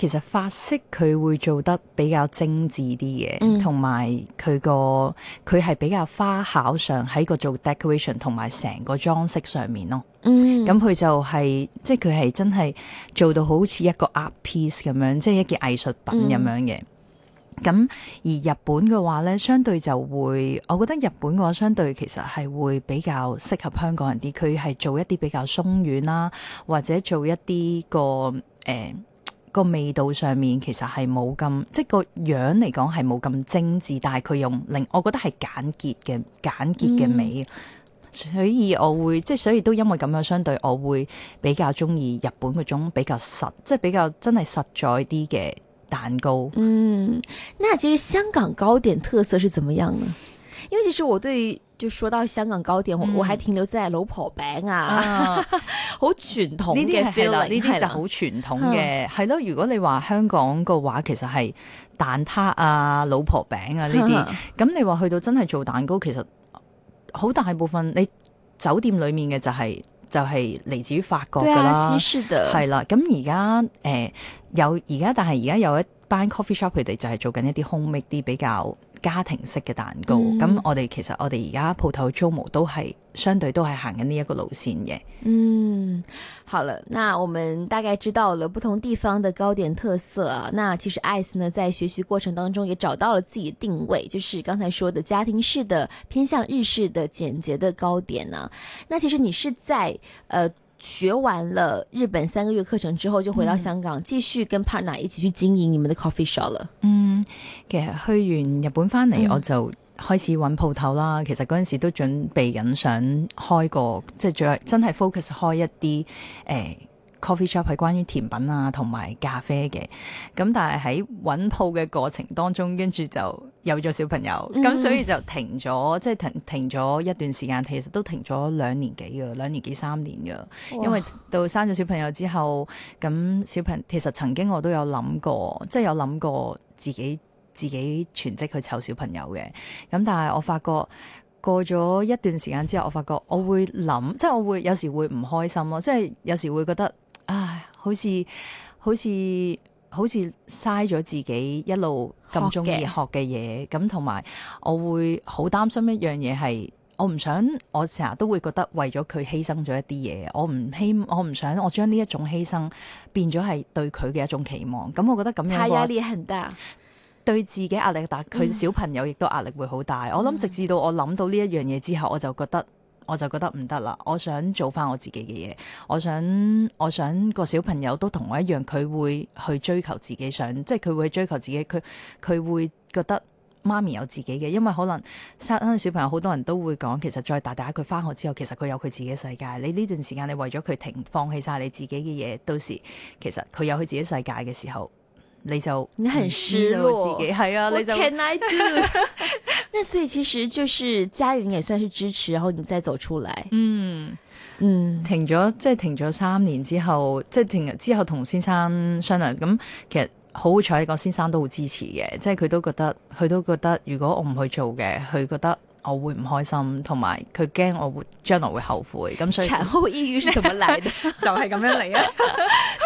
其實法式佢會做得比較精緻啲嘅，同埋佢個佢係比較花巧上喺個做 decoration 同埋成個裝飾上面咯。嗯，咁佢就係、是、即係佢係真係做到好似一個 art piece 咁樣，即係一件藝術品咁樣嘅。咁、嗯、而日本嘅話呢，相對就會，我覺得日本嘅話相對其實係會比較適合香港人啲，佢係做一啲比較鬆軟啦，或者做一啲個誒。呃個味道上面其實係冇咁，即係個樣嚟講係冇咁精緻，但係佢用令我覺得係簡潔嘅簡潔嘅美，嗯、所以我會即係所以都因為咁樣，相對我會比較鍾意日本嗰種比較實，即係比較真係實在啲嘅蛋糕。嗯，那其實香港糕點特色是怎麼樣呢？因為其實我對。就說到香港糕點，嗯、我我係停留真係老婆餅啊，啊 好傳統嘅 f，呢啲就好傳統嘅，係咯的的。如果你話香港嘅話，其實係蛋撻啊、老婆餅啊呢啲。咁、嗯、你話去到真係做蛋糕，其實好大部分你酒店裏面嘅就係、是、就係、是、嚟自於法國噶啦，係啦、啊。咁而家誒有而家，但係而家有一班 coffee shop，佢哋就係做緊一啲 home make 啲比較。家庭式嘅蛋糕，咁、嗯、我哋其實我哋而家鋪頭租模都係相對都係行緊呢一個路線嘅。嗯，好啦，那我們大概知道了不同地方的糕點特色。啊，那其實 Ice 呢，在學習過程當中也找到了自己定位，就是剛才說的家庭式的，偏向日式的簡潔的糕點啊，那其實你是在，誒、呃。學完了日本三個月課程之後，就回到香港繼、嗯、續跟 partner 一起去經營你們的 coffee shop 了。嗯，其實去完日本翻嚟，嗯、我就開始揾鋪頭啦。其實嗰陣時都準備緊想開個，即係最真係 focus 開一啲誒。呃 Coffee shop 係關於甜品啊，同埋咖啡嘅。咁但係喺揾鋪嘅過程當中，跟住就有咗小朋友，咁、嗯、所以就停咗，即係停停咗一段時間。其實都停咗兩年幾嘅，兩年幾三年嘅。因為到生咗小朋友之後，咁哇小朋友其實曾經我都有諗過，即係有諗過自己自己全職去湊小朋友嘅。咁但係我發覺過咗一段時間之後，我發覺我會諗，即係我會有時會唔開心咯，即係有時會覺得。唉，好似好似好似嘥咗自己一路咁中意學嘅嘢，咁同埋我會好擔心一樣嘢係，我唔想我成日都會覺得為咗佢犧牲咗一啲嘢，我唔希我唔想我將呢一種犧牲變咗係對佢嘅一種期望。咁我覺得咁樣太壓力很大，對自己壓力大，佢小朋友亦都壓力會好大。嗯、我諗直至到我諗到呢一樣嘢之後，我就覺得。我就覺得唔得啦，我想做翻我自己嘅嘢，我想我想個小朋友都同我一樣，佢會去追求自己想，即係佢會去追求自己，佢佢會覺得媽咪有自己嘅，因為可能生小朋友好多人都會講，其實再大，打佢翻學之後，其實佢有佢自己嘅世界。你呢段時間你為咗佢停放棄晒你自己嘅嘢，到時其實佢有佢自己世界嘅時候。你就你很失落自己係啊，What 你就 can I do？ 那所以其實就是家人也算是支持，然後你再走出嚟。嗯嗯，嗯停咗即係停咗三年之後，即係停之後同先生商量，咁其實好彩，個先生都好支持嘅，即係佢都覺得佢都覺得如果我唔去做嘅，佢覺得我會唔開心，同埋佢驚我會將來會後悔。咁產後抑鬱是怎麼來的？ 就係咁樣嚟啊！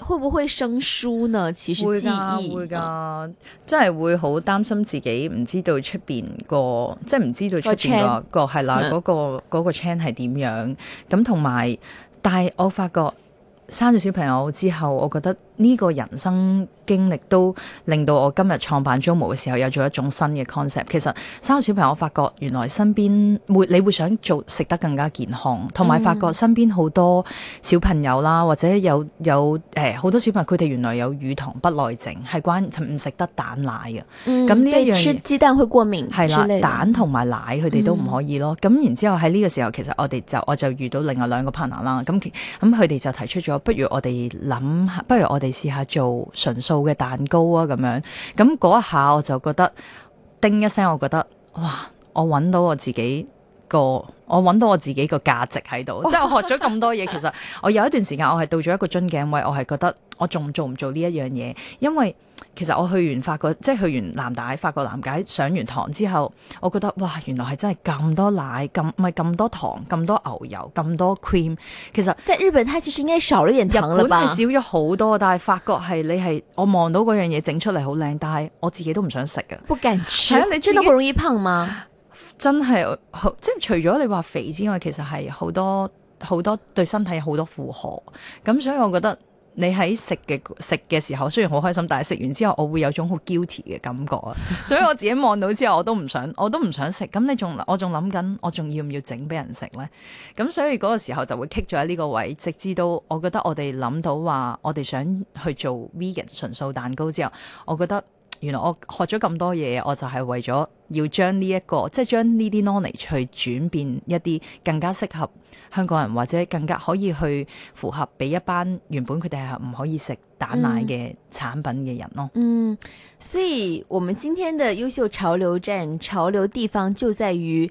會唔會生疏呢？其實記憶會噶，會嗯、真係會好擔心自己唔知道出邊、那個，即係唔知道出邊個係啦，嗰、那個嗰、那個 chain 係點樣？咁同埋，但係我發覺。生咗小朋友之後，我覺得呢個人生經歷都令到我今日創辦 Zoomoo 嘅時候有咗一種新嘅 concept。其實生咗小朋友，我發覺原來身邊會你會想做食得更加健康，同埋發覺身邊好多小朋友啦，嗯、或者有有誒好、欸、多小朋友，佢哋原來有乳糖不耐症，係關唔食得蛋奶嘅。咁呢一樣嘢，被吃雞蛋會過敏，係啦，蛋同埋奶佢哋都唔可以咯。咁、嗯、然之後喺呢個時候，其實我哋就我就遇到另外兩個兩個 partner 啦。咁咁佢哋就提出咗。不如我哋諗，不如我哋試下做純素嘅蛋糕啊！咁樣，咁嗰一下我就覺得叮一聲，我覺得哇，我搵到我自己個，我搵到我自己個價值喺度，oh. 即係我學咗咁多嘢。其實我有一段時間我係到咗一個樽頸位，我係覺得我仲做唔做呢一樣嘢？因為其實我去完法國，即係去完南大法國南大上完堂之後，我覺得哇，原來係真係咁多奶，咁唔係咁多糖，咁多牛油，咁多 cream。其實即係日本開始少啲人糖啦。日本係少咗好多，但係法國係你係我望到嗰樣嘢整出嚟好靚，但係我自己都唔想食嘅。啊、哎，你真係好容易胖嗎？真係即係除咗你話肥之外，其實係好多好多對身體好多負荷。咁所以我覺得。你喺食嘅食嘅時候雖然好開心，但係食完之後我會有種好 guilty 嘅感覺啊！ 所以我自己望到之後，我都唔想，我都唔想食。咁你仲，我仲諗緊，我仲要唔要整俾人食呢？咁所以嗰個時候就會棘咗喺呢個位，直至到我覺得我哋諗到話我哋想去做 vegan 純素蛋糕之後，我覺得。原來我學咗咁多嘢，我就係為咗要將呢一個，即係將呢啲 knowledge 去轉變一啲更加適合香港人，或者更加可以去符合俾一班原本佢哋係唔可以食蛋奶嘅產品嘅人咯，嗯。嗯，所以我們今天的優秀潮流站，潮流地方就在於。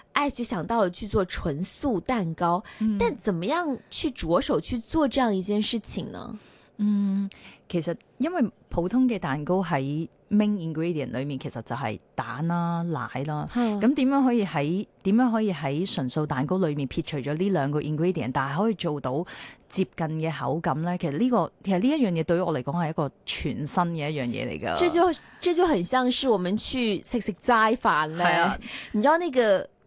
愛就想到了去做純素蛋糕，嗯、但怎麼樣去着手去做這樣一件事情呢？嗯，其實因為普通嘅蛋糕喺 main ingredient 裏面其實就係蛋啦、啊、奶啦、啊，咁點、啊嗯、樣可以喺點樣可以喺純素蛋糕裏面撇除咗呢兩個 ingredient，但係可以做到接近嘅口感咧？其實呢、這個其實呢一樣嘢對於我嚟講係一個全新嘅一樣嘢嚟㗎。這就這就很像是我們去食食齋飯咧，啊、你知道那個。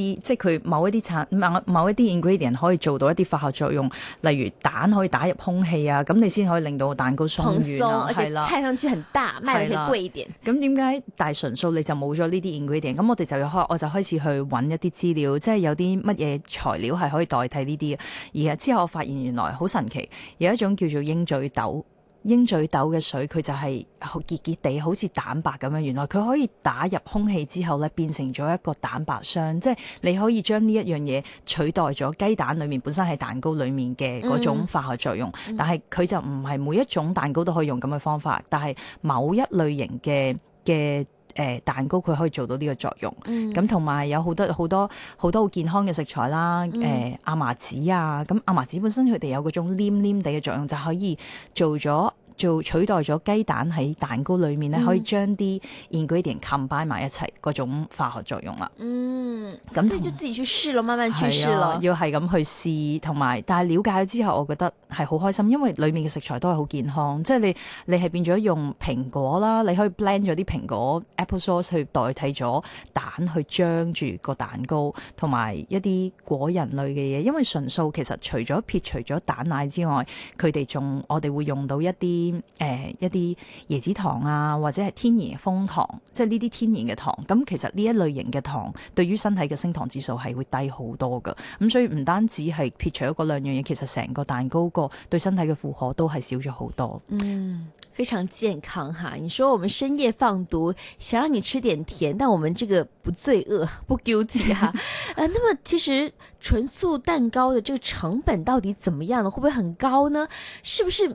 啲即係佢某一啲產某某一啲 ingredient 可以做到一啲化學作用，例如蛋可以打入空氣啊，咁你先可以令到蛋糕鬆軟啊。係啦，而且看上去很大，了賣起嚟貴一點。咁點解大純素你就冇咗呢啲 ingredient？咁我哋就要開，我就開始去揾一啲資料，即係有啲乜嘢材料係可以代替呢啲而而之後我發現原來好神奇，有一種叫做鷹嘴豆。鷹嘴豆嘅水，佢就係結結地，好似蛋白咁樣。原來佢可以打入空氣之後咧，變成咗一個蛋白霜，即係你可以將呢一樣嘢取代咗雞蛋裡面本身係蛋糕裡面嘅嗰種化學作用。嗯、但係佢就唔係每一種蛋糕都可以用咁嘅方法，但係某一類型嘅嘅。誒蛋糕佢可以做到呢個作用，咁同埋有好多好多好多好健康嘅食材啦，誒亞麻籽啊，咁亞麻籽本身佢哋有嗰種黏黏哋嘅作用，就可以做咗。做取代咗雞蛋喺蛋糕裏面咧，嗯、可以將啲 ingredient combine 埋一齊嗰種化學作用啦。嗯，咁即跟就自己去試出試咯慢慢去試咯、啊、要係咁去試同埋。但係了解咗之後我覺得係好開心，因為裏面嘅食材都係好健康。即係你你係變咗用蘋果啦，你可以 blend 咗啲蘋果 apple sauce 去代替咗蛋去將住個蛋糕，同埋一啲果仁類嘅嘢。因為純素其實除咗撇除咗蛋奶之外，佢哋仲我哋會用到一啲。誒、呃，一啲椰子糖啊，或者係天然蜂糖，即係呢啲天然嘅糖。咁其實呢一類型嘅糖，對於身體嘅升糖指數係會低好多噶。咁所以唔單止係撇除咗 𠮶 兩樣嘢，其實成個蛋糕個對身體嘅負荷都係少咗好多。嗯，非常健康哈。你說我們深夜放毒，想讓你吃點甜，但我們這個不罪惡，不 guilty 哈。誒， uh, 那麼其實純素蛋糕的這個成本到底怎麼樣呢？會不會很高呢？是不是？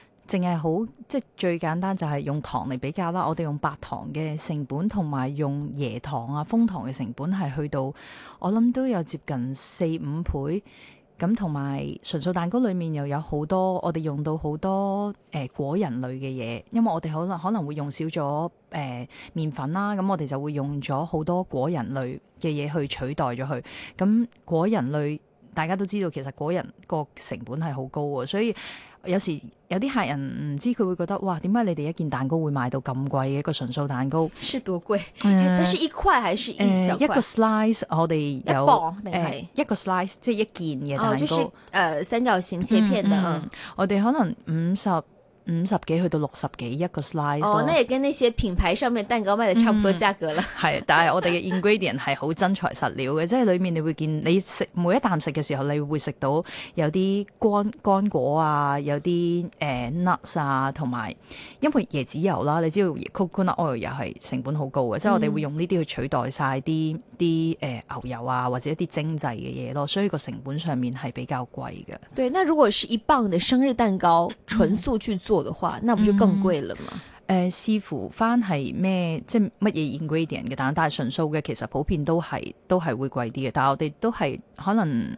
淨係好即係最簡單，就係用糖嚟比較啦。我哋用白糖嘅成本同埋用椰糖啊、楓糖嘅成本係去到我諗都有接近四五倍咁，同、嗯、埋純素蛋糕裡面又有好多我哋用到好多誒、呃、果仁類嘅嘢，因為我哋可能可能會用少咗誒麵粉啦，咁、啊嗯、我哋就會用咗好多果仁類嘅嘢去取代咗佢。咁、嗯、果仁類。大家都知道其實果仁個成本係好高喎，所以有時有啲客人唔知佢會覺得，哇點解你哋一件蛋糕會賣到咁貴嘅一個純素蛋糕？是多貴？嗯、但係一塊還是一小、嗯、一個 slice 我哋有定誒一,一個 slice 即係一件嘅蛋糕，誒、哦就是呃、三角形切片嘅、嗯嗯。我哋可能五十。五十幾去到六十幾一個 slice s l i c e 哦，那也跟呢些品牌上面蛋糕賣得差唔多價格啦，嗯。係， 但係我哋嘅 ingredient 係好真材實料嘅，即係 裡面你會見你食每一啖食嘅時候，你會食到有啲乾乾果啊，有啲誒、呃、nuts 啊，同埋因為椰子油啦，你知道 coconut oil 又係成本好高嘅，嗯、即係我哋會用呢啲去取代晒啲啲誒牛油啊，或者一啲精製嘅嘢咯，所以個成本上面係比較貴嘅。對，那如果是一磅嘅生日蛋糕，純素去做。嗯做嘅話，那唔就更貴啦嘛？誒、mm，視乎翻係咩，即係乜嘢 ingredient 嘅蛋，但係純素嘅，其實普遍都係都係會貴啲嘅。但係我哋都係可能。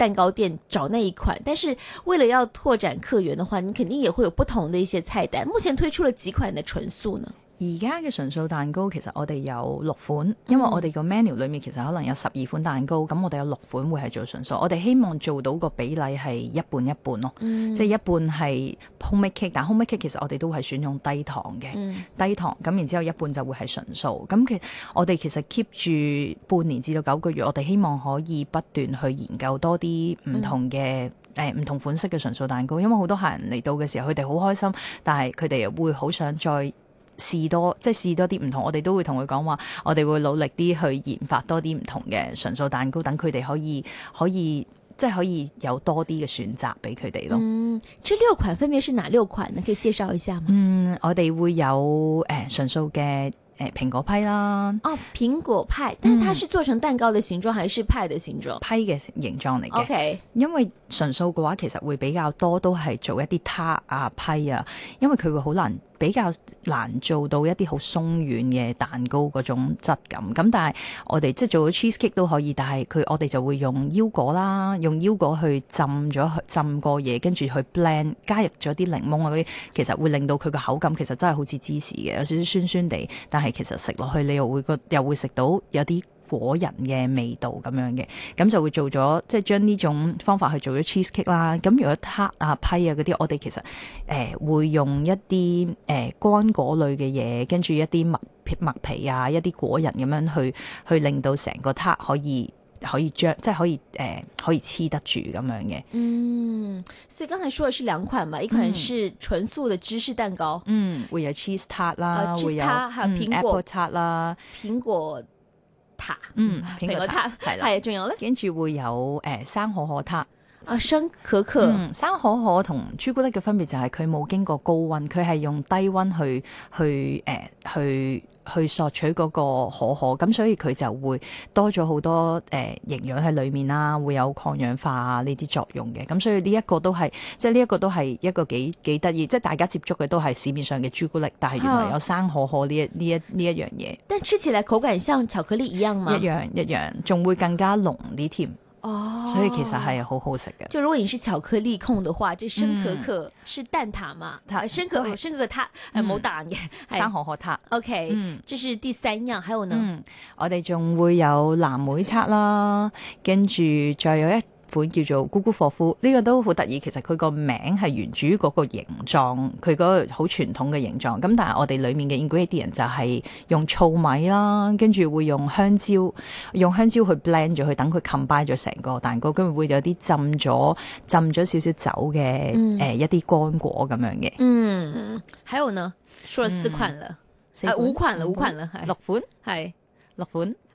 蛋糕店找那一款，但是為了要拓展客源的話，你肯定也會有不同的一些菜單。目前推出了幾款的純素呢？而家嘅純素蛋糕其實我哋有六款，因為我哋個 menu 裏面其實可能有十二款蛋糕，咁、mm. 我哋有六款會係做純素。我哋希望做到個比例係一半一半咯，mm. 即係一半係 home made cake，但 home made cake 其實我哋都係選用低糖嘅、mm. 低糖，咁然之後一半就會係純素。咁其實我哋其實 keep 住半年至到九個月，我哋希望可以不斷去研究多啲唔同嘅誒唔同款式嘅純素蛋糕，因為好多客人嚟到嘅時候佢哋好開心，但係佢哋又會好想再，試多即係試多啲唔同，我哋都會同佢講話，我哋會努力啲去研發多啲唔同嘅純素蛋糕，等佢哋可以可以,可以即係可以有多啲嘅選擇俾佢哋咯。嗯，這六款分別是哪六款呢？你可以介紹一下嗎？嗯，我哋會有誒、呃、純素嘅誒蘋果批啦。哦，蘋果派，但係它是做成蛋糕嘅形狀、嗯、還是派嘅形狀？批嘅形狀嚟嘅。Okay. 因為純素嘅話，其實會比較多都係做一啲撻啊、批啊，因為佢會好難。比較難做到一啲好鬆軟嘅蛋糕嗰種質感，咁但係我哋即係做咗 cheesecake 都可以，但係佢我哋就會用腰果啦，用腰果去浸咗浸過嘢，跟住去 blend 加入咗啲檸檬啊嗰啲，其實會令到佢個口感其實真係好似芝士嘅，有少少酸酸地，但係其實食落去你又會覺又會食到有啲果仁嘅味道咁樣嘅，咁就會做咗即係將呢種方法去做咗 cheese cake 啦。咁如果撻啊批啊嗰啲，我哋其實誒、呃、會用一啲誒乾果類嘅嘢，跟住一啲麥麥皮啊，一啲果仁咁樣去去令到成個撻可以可以將即係可以誒、呃、可以黐得住咁樣嘅。嗯，所以剛才講嘅係兩款嘛，一款係純素嘅芝士蛋糕，嗯，會有 cheese 撻啦、啊，會有 apple 撻啦，啊嗯、蘋果。蘋果蘋果塔，嗯，蘋果塔係啦，係啊，仲有咧，跟住會有誒、欸、生可可塔，啊，生可可，嗯、生可可同朱古力嘅分別就係佢冇經過高溫，佢係用低溫去去誒去。去欸去去索取嗰個可可，咁所以佢就會多咗好多誒、呃、營養喺裏面啦，會有抗氧化啊呢啲作用嘅。咁所以呢一個都係，即係呢一個都係一個幾幾得意，即係大家接觸嘅都係市面上嘅朱古力，但係原來有生可可呢一呢好一呢一,一樣嘢。但係食起嚟口感像巧克力一樣嘛，一樣一樣，仲會更加濃啲添。哦，oh, 所以其實係好好食嘅。就如果你是巧克力控嘅話，這生可可是蛋撻嘛，它，嗯哎、生可可生可可撻係冇蛋嘅生可可撻。OK，嗯，這是第三樣，還有呢？嗯、我哋仲會有藍莓撻啦，跟住再有一。款叫做咕咕霍夫，呢個都好得意。其實佢個名係源自於嗰個形狀，佢個好傳統嘅形狀。咁但係我哋裡面嘅 ingredient 就係用糙米啦，跟住會用香蕉，用香蕉去 blend 咗佢，等佢 combine 咗成個蛋糕，跟住會有啲浸咗浸咗少少酒嘅誒一啲乾果咁樣嘅。嗯，還有呢？輸咗四款喇，五款喇，五款喇，六款，係六款。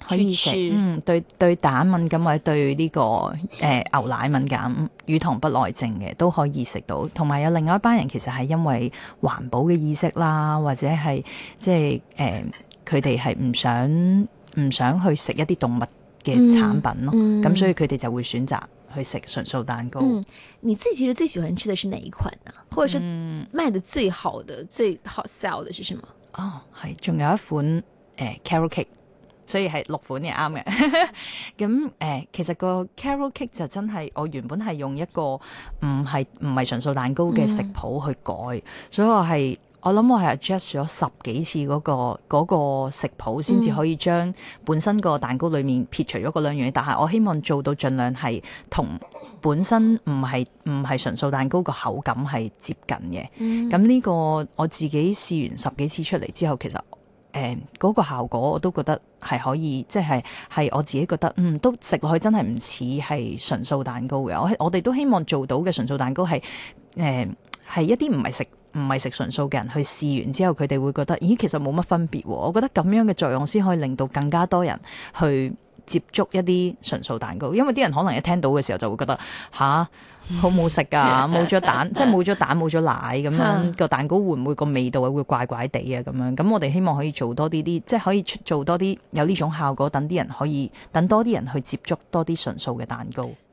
可以食，嗯，對對蛋敏感或者對呢、這個誒、呃、牛奶敏感，乳糖不耐症嘅都可以食到。同埋有另外一班人其實係因為環保嘅意識啦，或者係即係，誒佢哋係唔想唔想去食一啲動物嘅產品咯，咁、嗯嗯、所以佢哋就會選擇去食純素蛋糕、嗯。你自己其實最喜歡吃嘅是哪一款啊？或者說賣得最好的、嗯、最好 sell 的是什麼？哦，係仲有一款誒、呃、carrot cake。所以係六款嘅啱嘅，咁誒 其實個 carrot cake 就真係我原本係用一個唔係唔係純素蛋糕嘅食譜去改，嗯、所以我係我諗我係 adjust 咗十幾次嗰、嗰個嗰個食譜先至可以將本身個蛋糕裡面撇除咗嗰兩樣嘢，但係我希望做到盡量係同本身唔係唔係純素蛋糕個口感係接近嘅。咁呢、嗯呢個我自己試完十幾次出嚟之後，其實。誒嗰個效果我都覺得係可以，即係係我自己覺得，嗯，都食落去真係唔似係純素蛋糕嘅。我我哋都希望做到嘅純素蛋糕係誒係一啲唔係食唔係食純素嘅人去試完之後，佢哋會覺得，咦，其實冇乜分別喎。我覺得咁樣嘅作用先可以令到更加多人去接觸一啲純素蛋糕，因為啲人可能一聽到嘅時候就會覺得嚇。好唔好食噶，冇咗蛋，即係冇咗蛋冇咗奶咁樣個蛋糕會唔會個味道會怪怪地啊？咁樣咁我哋希望可以做多啲啲，即係可以做多啲有呢種效果，等啲人可以等多啲人去接觸多啲純素嘅蛋糕。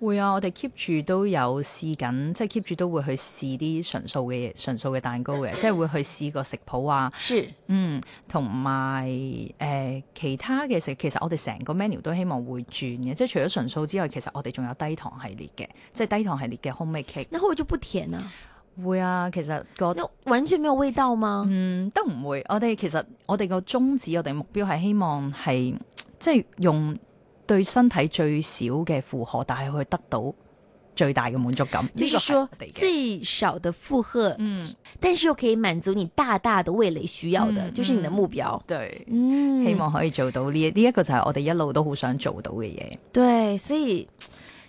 會啊，我哋 keep 住都有試緊，即係 keep 住都會去試啲純素嘅嘢，純素嘅蛋糕嘅，即係會去試個食譜啊。是嗯，同埋誒其他嘅食，其實我哋成個 menu 都希望會轉嘅，即係除咗純素之外，其實我哋仲有低糖系列嘅，即係低糖系列嘅 homemade cake。你會唔會就不甜啊？會啊，其實，那個完全沒有味道嗎？嗯，都唔會。我哋其實我哋個宗旨，我哋目標係希望係即係用。對身體最少嘅負荷，但係佢得到最大嘅滿足感。即係說最少嘅負荷，嗯，但是又可以滿足你大大的味蕾需要的，嗯、就是你的目標。嗯、對，嗯、希望可以做到呢、一個？呢、這、一個就係我哋一路都好想做到嘅嘢。對，所以。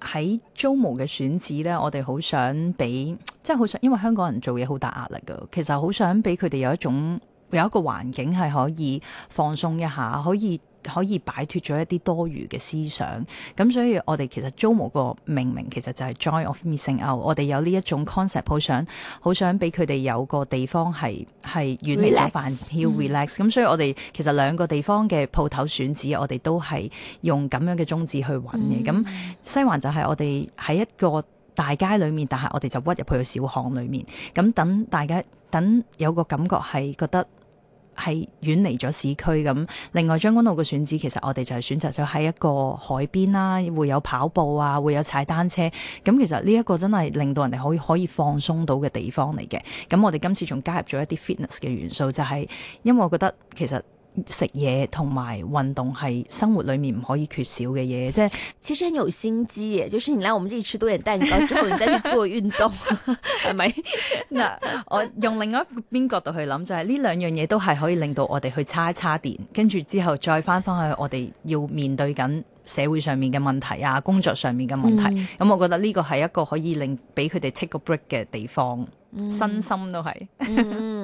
喺租模嘅選址咧，我哋好想俾，即係好想，因為香港人做嘢好大壓力嘅，其實好想俾佢哋有一種有一個環境係可以放鬆一下，可以。可以擺脱咗一啲多餘嘅思想，咁所以我哋其實 Zomo 個命名其實就係 joy of missing out 我。我哋有呢一種 concept，好想好想俾佢哋有個地方係係遠離咗煩擾 relax, you relax、嗯。咁所以我哋其實兩個地方嘅鋪頭選址，我哋都係用咁樣嘅宗旨去揾嘅。咁西環就係我哋喺一個大街裏面，但係我哋就屈入去個小巷裏面，咁等大家等有個感覺係覺得係遠離咗市區咁，另外將軍澳嘅選址其實我哋就係選擇咗喺一個海邊啦，會有跑步啊，會有踩單車，咁其實呢一個真係令到人哋可以可以放鬆到嘅地方嚟嘅。咁我哋今次仲加入咗一啲 fitness 嘅元素，就係因為我覺得其實。食嘢同埋運動係生活裏面唔可以缺少嘅嘢，即係其實很有心機。嘅。就算、是、你咧，我們呢次多人蛋糕之後，你再去做運動，係咪？ 嗱、no,， 我用另外一邊角度去諗，就係呢兩樣嘢都係可以令到我哋去叉一叉電，跟住之後再翻翻去我哋要面對緊社會上面嘅問題啊，工作上面嘅問題。咁我覺得呢個係一個可以令俾佢哋 take 個 break 嘅地方，身心都係。嗯嗯